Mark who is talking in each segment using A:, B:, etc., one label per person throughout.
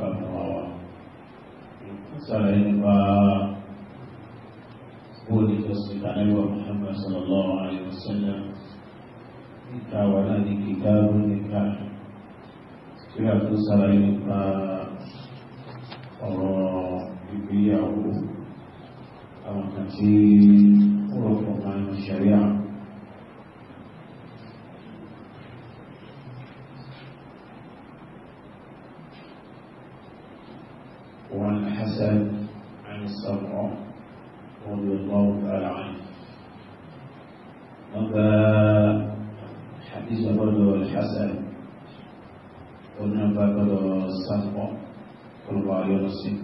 A: kà fún wa sọ̀rọ̀ nípa bóòlù Muhammad sallallahu alayhi wa sallam níta wà náà ní kíkà ló níta tí a tó sọ̀rọ̀ nípa ọ̀rọ̀ ìgbéyàwó àwọn kan tí ó rọ̀ máa ń ṣẹ̀rí وعن الحسن عن السمع رضي الله تعالى عنه أما حديث برضو الحسن قلنا برضو السمع قلوا عليه الرسول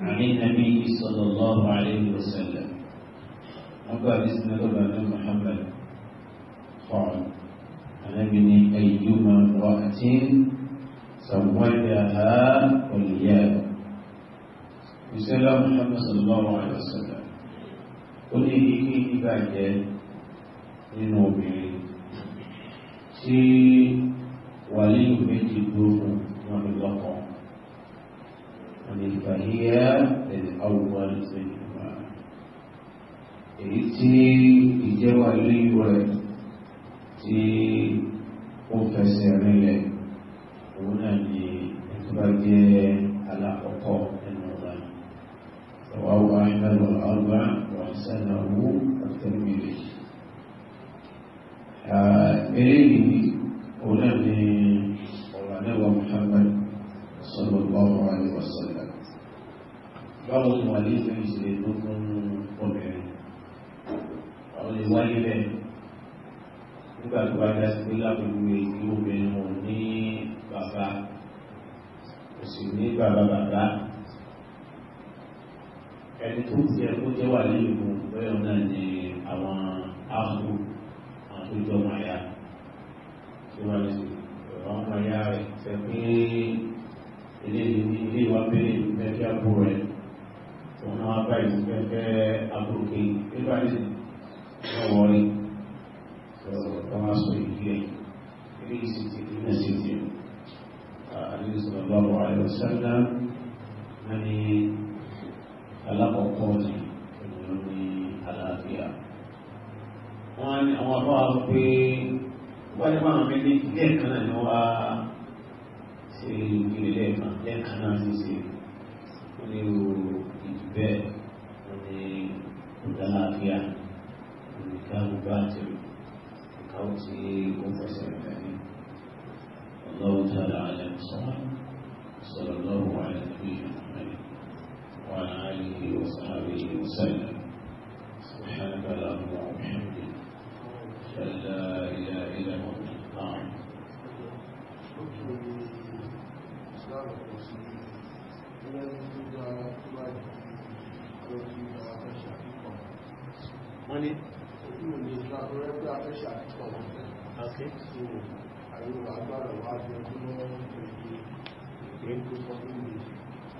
A: عن النبي صلى الله عليه وسلم أبا بسم الله محمد قال أنا بني أيما امرأة سويت òjíṣẹ́ lọ́wọ́ Muhammad sallallahu alaihi wasallam ó ní kí nígbà jẹ́ nínú obìnrin tí wàlíù méjì dúró wọn ní lọ́kọ̀ wọn ní fàhíyà ẹ̀dì àwùwá lẹ́sẹ̀ ìjọba èyí tí ìjẹ́ wàlíù rẹ̀ tí ó fẹsẹ̀ rinlẹ̀ òun náà ní ẹ̀tọ́ bá jẹ́ alákọ̀ọ́kọ́. eléyìí òun náà ni ọ̀rọ̀ àdẹ́wà Muhammad sallallahu alaihi wasallam báwo ni wà ní ìfẹ́ ìṣẹ̀lẹ̀ tó fún obìnrin àwọn ìwáyé bẹ́ẹ̀ nígbà tó bá dá sí pé lábẹ́wé kí obìnrin wọn ní bàbá kò sì ní bàbá bàbá ẹni tó ti ẹkú jẹ́ wà ní ìlú bẹ́ẹ̀ náà ni àwọn áhùn àtúntò máa yá tí wọ́n lè ṣe ọ̀rọ̀ ọmọ ya rẹ̀ fẹ́ pé eléyìí ní ilé wa bẹ́ẹ̀ fẹ́fẹ́ àbú rẹ̀ tí wọ́n máa bá ìlú fẹ́fẹ́ àbúrúkè nígbà tí wọ́n wọlé ọ̀rọ̀ wọn sọ ìdí ẹ̀ eléyìí sì ti kí ní sí ti àdéhùn sọ̀rọ̀ lọ́wọ́ àìlọ́ sẹ́lẹ̀ náà ní alákọ̀ọ́kọ́ ni òun ní àlàáfíà wọ́n ní àwọn àbọ̀ àwọn pé wọ́n máa ń ní lẹ́ẹ̀kan náà ni wá ṣe ìgbìlẹ̀ lẹ́ẹ̀kan lẹ́ẹ̀kan náà ti ṣe ó ní o ìjù bẹ́ẹ̀ ó ní ìdálàáfíà ìdáhùn bá ti káwọ́ tí ó fẹsẹ̀ rẹ̀ ní ọlọ́run alẹ́ sọ́wọ́n sọ̀rọ̀ lọ́rùn wà ní bí وعن wọlé ojú ò lè jọ abúrẹ́ pé afẹ́ṣà púpọ̀ ọ̀fẹ́ so àríwá agbára wà jẹ́ kí wọ́n lè ṣe tó sọ fún mi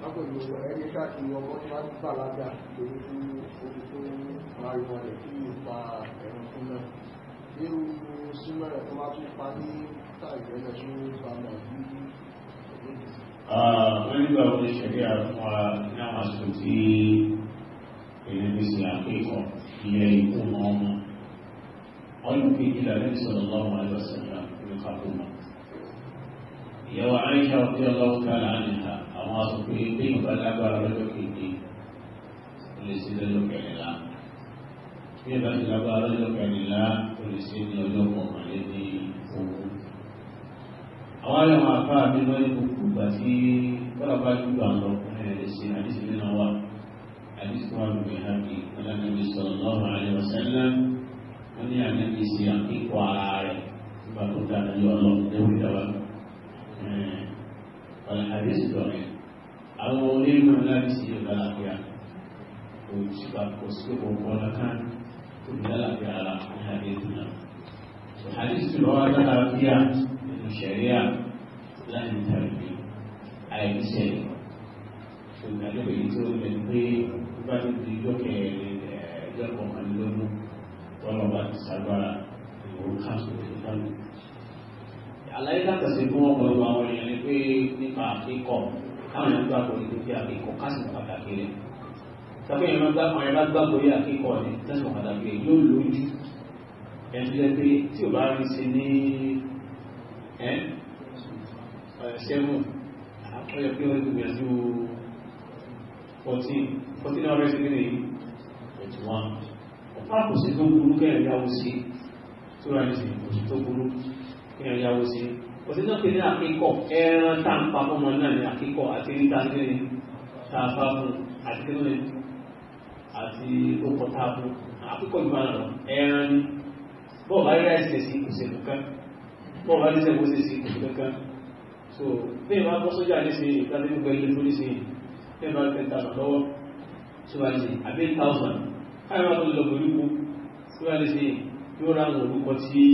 A: lọ́pọ̀lù ẹni káàkiri ọmọ tí wọ́n bá lágbà lórí tí ojú tó pariwo rẹ̀ kí lè pa ẹ̀rùn fún náà ní ojú súnmọ́ rẹ̀ tó bá tún pa ní táìgbẹ́lẹ̀ tó ń pa nàìjíríà wọ́n nígbà wọ́n ṣẹ̀rí àwọn àwọn àṣòtí ènìyàn sí àpékọ̀ọ́ ìyẹn ikú wọn ọmọ wọn ń fi ìlànà sallallahu alaihi wasallam ní kápọmọ ìyàwó àìṣà òkè ọlọ́ọ̀ká láàrínà àwọn asòfin ilé ìgbà lágbára lọ́jọ́ kejì lè sí lọ́jọ́ kẹrìnlá bí ìbá ti lágbára lọ́jọ́ kẹrìnlá ó lè sí ní ọjọ́ kọkànlẹ́ ní owó. àwọn àlẹ́ wọn afá mi lọ́yẹ̀ gbogbo ìgbà حديث في البيهقي قال النبي صلى الله عليه وسلم من يعمل يعني في سيعطيك وعاي فقلت النبي الله دوري دواء قال ضعيف أو أولي من لا يسير بلاقيا ويشبك وسكبه ولا كان بلاقيا على حديثنا حديث رواه العافية من الشريعة لا من تربية أي مسير ṣùgbọ́n àlébèyí tó lè pé bá ti di ìjọ kẹrin ẹ̀ẹ́dẹ́ kọkànlélógún tọ́lọ̀ bá ti sábàá ìwòrán káàkiri ìfẹ́lú. àlàyé láti ṣe fún ọkọ̀ ìwà àwọn èèyàn ni pé nípa àkíkọ̀ káwọn èèyàn gbàgbọ́ ní pípé àkíkọ̀ káàsì pàtàkì rẹ̀. tàbí èèyàn gbàgbọ́ ẹ̀ bá gbàgbọ́ yé àkíkọ̀ ní tẹ̀sán pàtàkì rẹ̀ yóò lójú ẹni jẹ́ fourteen hundred sixteen eight twenty one ọ̀pá kò sí tó burú kẹ́rẹ̀ yáwó tu tó rà ní kò sí tó burú kẹ́rẹ̀ yáwó sí kò sí tó pé ní àkíkọ̀ ẹran tá ń pa fọmọ náà ní àkíkọ̀ àti níta nílé tá a bá fún àti nílé àti okọ̀ tá a fún àkíkọ̀ ìgbà náà ẹran ní bọ́ọ̀ bá rí àìsẹ̀ sí kò sí kankan bọ́ọ̀ bá rí àìsẹ̀ kò sí kankan so bí ìwà bọ́ sójà ní sí ìtàdé gbogbo ẹgbẹ́ tó ní sí ìtẹ́bà tẹ́ta lọ́wọ́ síwájú sí àbí thousand káyọ̀ wà tó lọ pẹ̀lú kú síwájú sí yóò ra àwọn olùkọ́ tí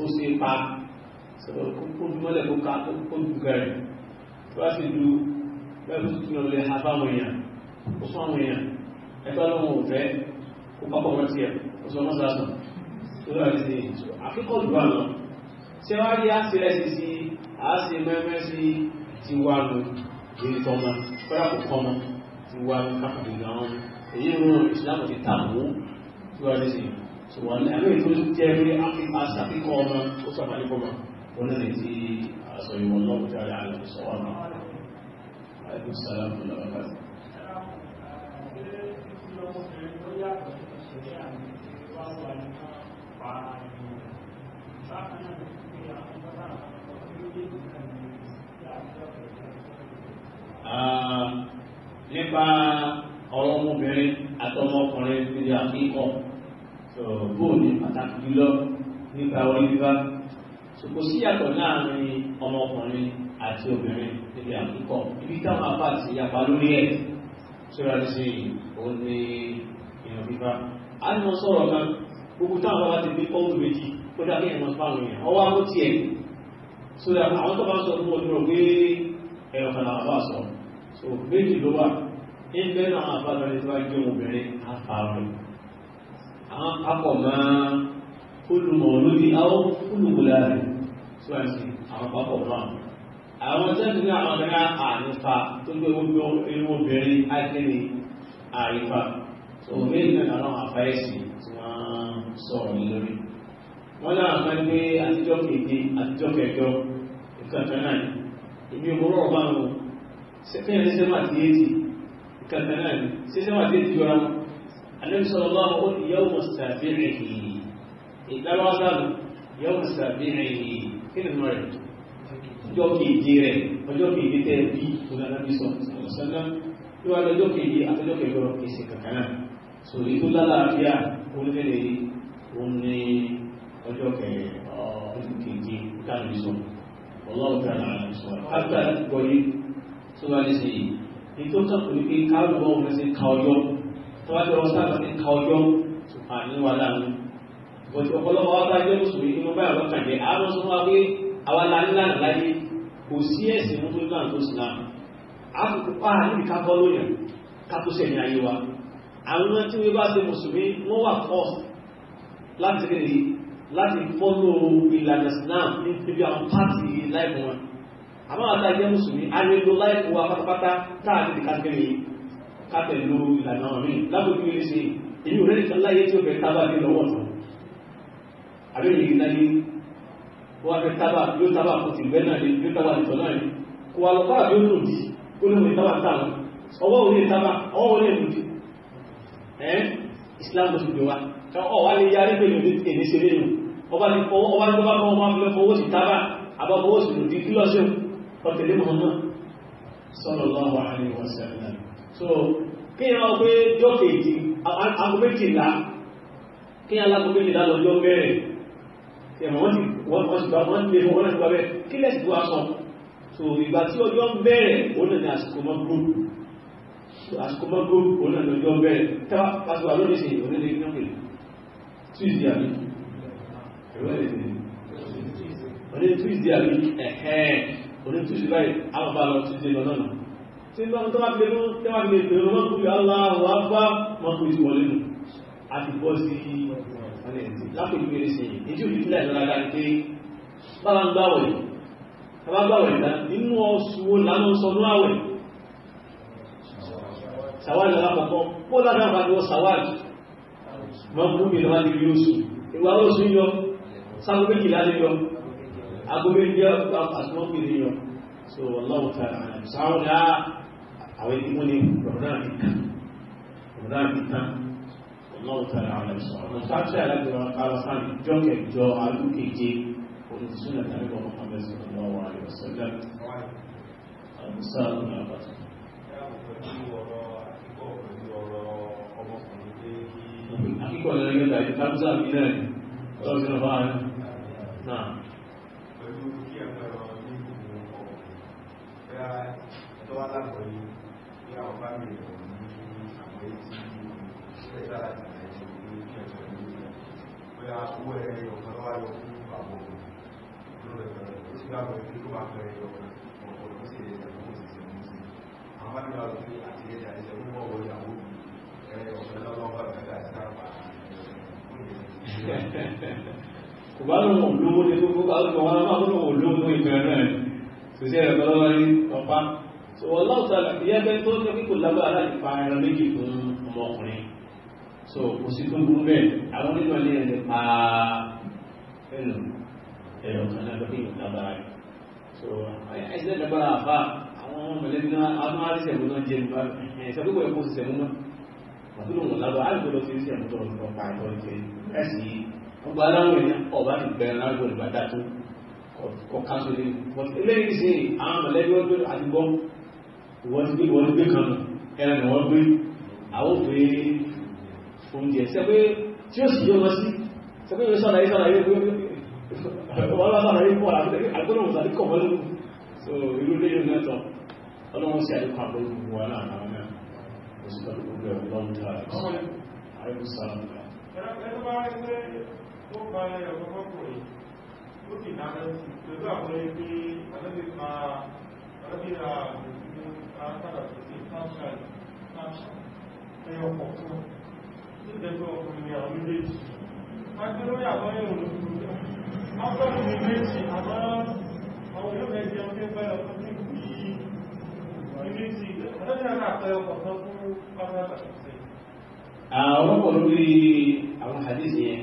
A: ó ṣe pa sọ̀rọ̀ kó dúmọ́lẹ̀ kó ká kó dùgà rẹ̀ tó bá sì du bẹ́ẹ̀ tó tún lọ ha bá àwọn èèyàn ó fún àwọn èèyàn ẹgbẹ́ lọ́wọ́ òfẹ́ kó pápọ̀ wọn tiẹ̀ ó sọ wọn sàásùn tó lọ́wọ́ sí akẹ́kọ̀ọ́ dùgbà lọ ṣé wá rí àṣìlẹ̀ sí sí àṣìmẹ́mẹ́ sí ti wà wà ní káàkiri náà èyí mú ìsìláàmù ti tààmú tí wà lẹ́sìn so wà ní àlóyè tó jẹ́ rí àṣàkíkọ́ ọmọ ó sọ̀rọ̀ ní kọ́mọ ó lè ti aṣọ ìwọ̀n náà tí a lè àlọ́ sọ wà náà àìkú sàlámù lọ́wọ́ káàkiri. Uh, ah, nípa ọ̀rọ̀ ọmọbìnrin àtọmọkùnrin níbi àkíkọ̀ bóò ní pàtàkì jùlọ nípa orí bíbá kò sí yàtọ̀ láàrin ọmọkùnrin àti obìnrin níbi àkíkọ̀ ibi táwọn apá àti ìyapa lórí ẹ̀ sọ́ra ti ṣe òun ní èèyàn bíbá a ní wọn sọ̀rọ̀ kan gbogbo táwọn bá ti gbé kọ́ọ̀tù méjì ó dá kéèyàn máa fáwọn èèyàn ọwọ́ àwọn tiẹ̀ sọ́ra àwọn tó bá sọ fún ọdún rẹ̀ pé ẹ̀rọ kan làwọn bá sọ̀rọ̀ so méjì ló wà ní bẹ́ẹ̀ náà àbálọ ní tí wàá jẹ́ obìnrin àfààrùn àwọn akọ̀ máa olùmọ̀ lórí àwọn olùmọ̀lá rẹ̀ tí wàá sì àwọn papọ̀ náà àwọn tẹ́lifí ní àwọn ọ̀gá ànífà tó gbé gbogbo irú obìnrin ákéde àrífà so méjì náà náà àfáyẹ̀sì tí wọ́n sọ̀rọ̀ lórí wọ́n náà máa ń gbé àtijọ́ kéde àtijọ́ kẹjọ ìkàtọ́ náà ìbí òmùrọ̀ ọ̀bá sẹ́kẹ̀yàn ní sẹ́mà tí èjì kankan náà ni sí sẹ́mà tí èjì yọra mọ́ Ànábì sallallahu ó ní yawma sabi'ihi ìgbàlọ́wọ́ sáàlù yawma sabi'ihi kí ni mọ́rẹ̀ ọjọ́ kejì rẹ̀ ọjọ́ kejì tẹ́ bí ọ̀nàdàbí sọ ọ̀sánná yóò wá lọ́jọ́ kejì àtọ́jọ́ kejì ọ̀rọ̀ kejì kankan náà so ìlú lálàáfíà onífẹ́lẹ̀ yìí ó ní ọjọ́ kejì ọjọ́ kejì kánú sọ ọlọ́ọ̀ta tí wọ́n lè ṣe yìí ní tó tọ́kù ní pé káàrù wọn wọn sí ka ọjọ́ tó wá jọ sáà sí ka ọjọ́ àníwá láàánú bọ̀dé ọ̀pọ̀lọpọ̀ wá bá jẹ́ mùsùlùmí ní wọ́n báyà lọ́kà jẹ́ àárọ̀ sọ wá pé àwa la ní lánàá láyé kò sí ẹ̀sìn mú tó náà tó sì náà a kò kó pa níbi ká bọ́ lóyàn ká tó sẹ̀ ní ayé wa àwọn tí wọ́n bá ṣe mùsùlùmí wọ́n wà fọ́ láti kéde láti fọ́lọ́ ìlànà sinam níbi àwọn pàtì láìpọ̀ wọn àmọ́ àti ajé mùsùlùmí a lè lo láìpò wa pátápátá táàbí ti kápẹ́rì kápẹ́lú ìlànà mi lábòjú ilé ṣe èyí ò rẹ́nìkan láyé tí ó fẹ́ tábà ní lọ́wọ́ tán àbẹ́yìn ìgbìlá ní wọ́n fẹ́ tábà yóò tábà kò tì bẹ́ẹ̀ náà ní yóò tábà nìtọ́ náà ní kò wà lọ́pàá yóò kó ló ní Islam ló ti gbé wa ọ wá lè yarí pé èmi èmi ṣe lẹ́nu ọba ní ọwọ́ ọba ní ọba kọ́ ọmọ ọ̀tẹ̀lé Muhammad sallallahu alaihi wasallam so kí ni wọ́n pé jọ́kèjì agbóméjìlá kí ni alágbóméjìlá lọ́jọ́ mẹ́rin ẹ̀wọ̀n wọ́n ti bá wọ́n lè wọ́n lè gbàbẹ́ kí lẹ́sì tó aṣọ so ìgbà tí ọjọ́ ń bẹ̀rẹ̀ òun náà àsìkò mọ́ gbòòrò àsìkò mọ́ gbòòrò òun náà lọ́jọ́ bẹ̀rẹ̀ tẹ́wà pàṣípà lónìí sí òun lè gbìyànjú pẹ̀lú tuesday àbí ẹ̀rọ ẹ̀rọ tuesday àbí ẹ̀hẹ́n onítúsí báyìí àbàbà lọ títí lọ náà tí bá tó wá pé mú tẹ́wà ní ètò ìrọmọ́ kúrò aláwọ̀ àgbà mọ́kù ìsú wọlé nù àti bọ́ sí lápèjúwe sí èjì òjì fúnlẹ̀ ìdáradá ní pé bára ń gbáwọ̀ yìí bára gbáwọ̀ yìí dá nínú oṣù wo lánà sọ ní àwẹ̀ sàwárí alákọ̀ọ́kọ́ kó ládà bá lọ sàwárí mọ́kù mi lọ́wọ́ ní oṣù ìwà oṣù yọ sáwọn méjìlá ní yọ agbóhùn jẹ́ àtúnwọ́pìnrin yọ so ọlọ́run ta sáwọn dá àwọn ìdíwọ́n ní rọ̀nà nìkan rọ̀nà nìkan ọlọ́run ta àwọn ìsọ̀rọ̀ ọ̀nà sáàtì alágbèrè alásán jọ́kẹ̀jọ alúkèje olùsúnà tàbí ọmọ ọmọdé ọlọ́wọ́ àyọ̀sọ́lá ọ̀nà Akíkọ̀ọ́lẹ́gbẹ̀ta ìtàbí sáàmì náà ni, ọjọ́ ìrọ̀bá náà. tó wá lábọ̀ yìí bí àwọn bá mi rọ̀ ní àwọn etí ṣẹ́ta láti ẹ̀jẹ̀ ní ẹ̀jẹ̀ ní ilẹ̀ bóyá owó ẹ̀rẹ́ ọ̀kan lọ́wọ́ yọ fún àwọn olùdó rẹ̀ ó sì gbàgbọ́ pé tó bá fẹ́ yọ ọ̀pọ̀ tó sì lè ṣàkóso kó sì ṣe mú sí àwọn bá mi rọ̀ pé àti ẹ̀jẹ̀ àti ẹ̀jẹ̀ mú ọwọ́ ìyàwó ẹ̀rẹ́ ọ̀kan lọ́wọ́ bàbá àti sáàpà kò bá lóun lówó ní gbogbo àwọn ọmọ olówó ìbẹ̀rẹ̀ náà kò sí ẹ̀rọ lọ́wọ́ rí ọ̀pá so ọlọ́ọ̀tà ìyá bẹ́ẹ̀ tó jẹ́ kíkò lágbára láti pa ẹran méjì fún ọmọkùnrin so kò sí tó burú bẹ́ẹ̀ àwọn nínú ilé ẹni pa ẹnu ẹ̀rọ kan náà lókè ìlú lágbára rẹ̀ so ẹ̀sẹ̀ lágbára àbá àwọn ọmọ mẹlẹ́bí náà àwọn arísẹ̀ mú náà jẹ́ nípa ẹ̀sẹ̀ púpọ̀ ẹ̀kọ́ sí sẹ̀mú náà àti lóun lágbára àdúgbò lọ sí sí ẹ̀mú tó lọ pa ẹ̀kọ́ ìfẹ́ ẹ̀sìn ọgbà ọ̀ká tó lé eléyìí sí àwọn mọ̀lẹ́bí wọ́n gbé àdúgbò wọ́n gbé wọ́n gbé kan ẹran ni wọ́n gbé àwọn òfé oúnjẹ sẹ́pẹ́ tí ó sì yọ wọn sí sẹ́pẹ́ yóò sọ̀rọ̀ yìí sọ̀rọ̀ yìí wọ́n bá sọ̀rọ̀ yìí pọ̀ àgbọ̀nà òun tàbí kọ̀ọ̀mọ́ lókun ó sì dáná pẹ̀lú àpẹẹrẹ pé àlọ́bí pa àlọ́bí ra òṣìṣẹ́ arákàdà tó ti snapchat snapchat ẹyọ ọkọ̀ fún ní ìdẹ́gbẹ́ ọkùnrin ni àwọn méjèèjì pàtó lórí àbọ́yẹ̀ olóògùn ọkùnrin ni méjì àmọ́ àwọn olóògùn ẹgbẹ́ ọdún pẹ́ ọkùnrin yìí méjì ọlọ́bí ra àpẹẹrẹ ọkọ̀ kan fún pátákà àwọn ọkọ̀ lórí àwọn àdéhìyẹn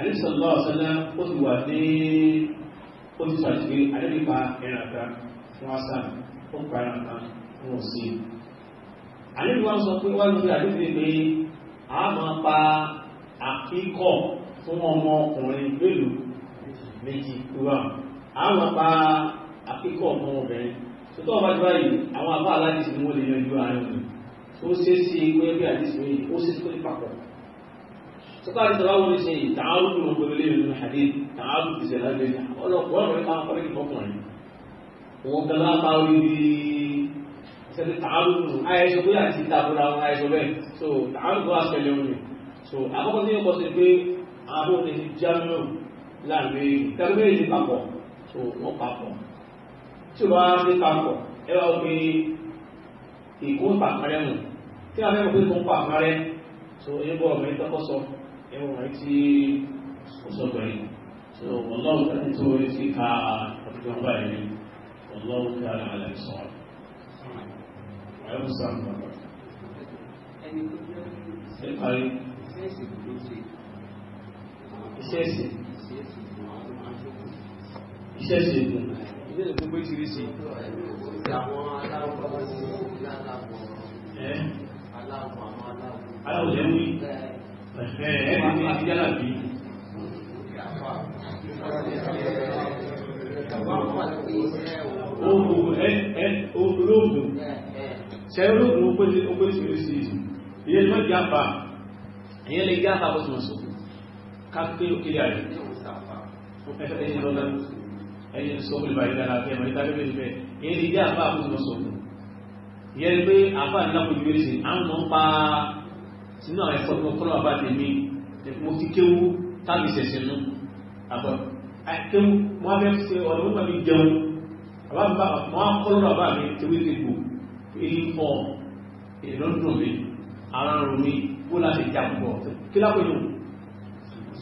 A: àdìsọ̀lá ọ̀sánná ó ti wà ní ó ti ṣàtìwé àdìnípa ẹran kan fún asan ó pa ẹran kan fún òsín àdìní wa sọ pé wájú bí àdìní pé a máa pa àkíkọ̀ fún ọmọ ọkùnrin mélòó méjì kúrò a máa pa àkíkọ̀ fún obìnrin tuntun ọba ti báyìí àwọn abá aládìsí ni wọ́n lè yanjú àárín òní ó ṣeé ṣe pé bí àdìsí ó ṣeé ṣe pé papọ̀ sọ́tàrí tọ́lá wọn ṣe ìtààrù ní wọn pẹ̀lú ilé ìlú hadith tààrù ti ṣẹlẹ̀ lé ọlọ́kùnrin kan pẹ̀lú ìfọkùnrin òun kan lápá orí bí ṣẹlẹ̀ tààrù nù àìsọ pé àti ìtàkùnra wọn àìsọ bẹ́ẹ̀ so tààrù kọ́ àṣẹlẹ̀ wọn ni so àkọ́kọ́ tí yóò kọ́ sí pé àwọn ọmọdé ti jámẹ́ ò láàrin ìtàgbé ìlú papọ̀ so wọ́n papọ̀ tí wọ́n á ní papọ̀ ẹ wá pé ìkó pàkárẹ́ nù kí wọ́n fẹ́ mọ̀ pé kó pàkárẹ́ so eyín bọ́ ọ̀mọ́ ẹwọ̀n tí ọ̀sọ́gbẹ̀rẹ̀ so wọ́lọ́wọ́ tàbí tó rí sí ká ọdún báyìí wọ́lọ́wọ́ ká àlẹ́ sọ̀rọ̀ Àwọn aláwọ̀ aláwọ̀ aláwọ̀ aláwọ̀ olóògùn ṣe olóògùn ó pèsè oríṣiríṣi ilé ìmọ̀ ìjápa ìyẹn lè jápa bó ti wọ́n sọ káàkiri òkèlè àrẹ ẹ̀yìn lọ́lá ẹ̀yìn sọ́kùnrin bàyí dára fẹ́ mọ̀ ìtàrí bẹ́ẹ̀ bẹ́ẹ̀ ìyẹn lè jápa bó ti wọ́n sọ ìyẹn pé àfáà nílá kò ju sínú àwọn ẹ̀kọ́ tó kọ́lọ́ àbá tèmi mo fi kéwú tábì sẹ̀sẹ̀ nù àbọ̀ kéwú mo á fẹ́ ọ̀dọ̀ mo pàmì jẹun àbá mi bá mo á kọ́lọ́ àbá mi tewé tegbò èyí fọ ìrọ́dùn mi ara rò mi kó láti jà púpọ̀ kí lápẹ́ lò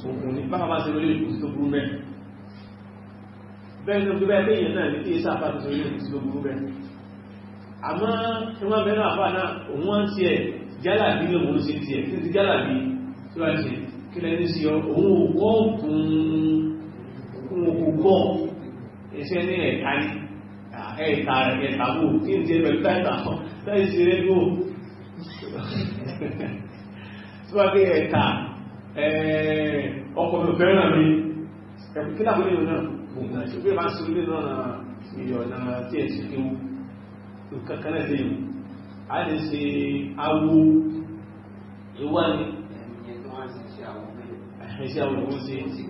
A: òkun ní báwa bá ṣe lórí ìlú tó burú mẹ́ bẹ́ẹ̀ ni gbogbo ẹgbẹ́ èèyàn náà ní kí ẹ sáfà tó sórí ìlú tó burú mẹ́ àmọ́ tí bẹ́ẹ̀ náà fà náà òun wọ́n ń ṣe jálàbí náà wọ́n ṣe tiẹ̀ kí ti jálàbí tí wọ́n ṣe kí lẹ́ni sí ọ òun ò kọ́ ní ẹ̀ka ní ẹ̀ka ẹ̀ka bò kí n ti ẹ̀rọ ìta ẹ̀ta ọ̀ láì ṣe rẹ́gbò tí wọ́n fi ẹ̀ka ọkọ̀ mi fẹ́ràn mi ẹ̀kú kí láwọn ènìyàn náà kò gbà ṣùgbọ́n ìbá ń sọ ilé náà ìyọ̀nà tí ẹ̀ sì kéwu nǹkan náà a lè ṣe awo ìwà ni ẹ̀ṣẹ́ àwọn òun ṣe ẹbí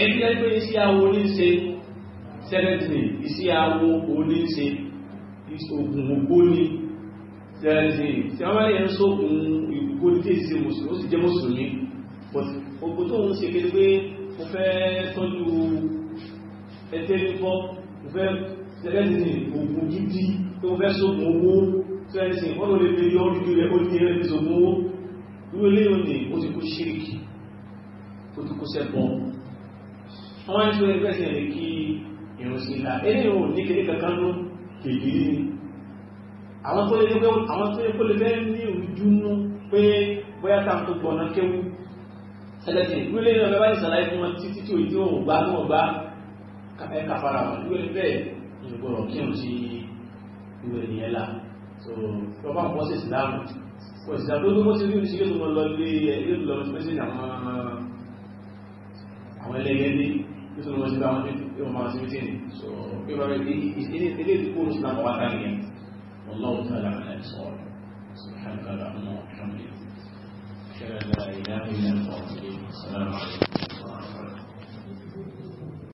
A: ẹgbẹ́ iṣẹ́ awo ní ṣe sẹ́lẹ̀tì iṣẹ́ awo òní ṣe ogun ògbóni sẹ́lẹ̀tì tí wọ́n yẹ ń sókun ìgbóni tí èsì mùsùlùmí ó sì jẹ́ mùsùlùmí ọgbọ́n tó ń ṣe kéde pé mo fẹ́ tọ́jú ẹ̀tẹ́ fífọ́ ìfẹ́ sẹ́lẹ́sìn ògùn gidi tó fẹ́ sókùn owó sẹ́lẹ́sìn wọ́n lè fi yọ́ orí rẹ̀ ó ní ẹ̀rẹ́ ìsògùn owó ní ilé òní ó ti kó ṣíríkì ó ti kó sẹ́bọ̀ wọ́n ń sọ ẹgbẹ́ sí ẹ̀rẹ́ kí ìrùsìn ìlà eléyìí ò ní kéde kankan ló kèdè ní àwọn tó lè pé àwọn tó lè kó lè fẹ́ ní ìrújúnú pé bóyá táwọn tó gbọ̀nà kéwú sẹ́lẹ́sìn ìlú ilé ìrọ̀lẹ́wà ìsàlàyé fún wọn títí tí òyìn tí wọn gbá tí gbá kàfàrà wọn ìwé ni bẹ́ẹ̀ ìwé ni ẹ̀là so lọ́pàá ń pọ́sí ìsìláàmù kò sí àbúrò tó mọ́sí ríru sí yóò tó lọ lé ẹ̀lẹ́ lọ sí pé sí àwọn ẹlẹ́yẹ ní yóò tó lọ sí bá wọn ní yóò máa sí mítìnì so pé bá rẹ̀ ilé ìdíkó ní ìsìláàmù wá tán yẹn والله تعالى على الصواب سبحانك اللهم وبحمدك اشهد ان لا اله الا انت السلام عليكم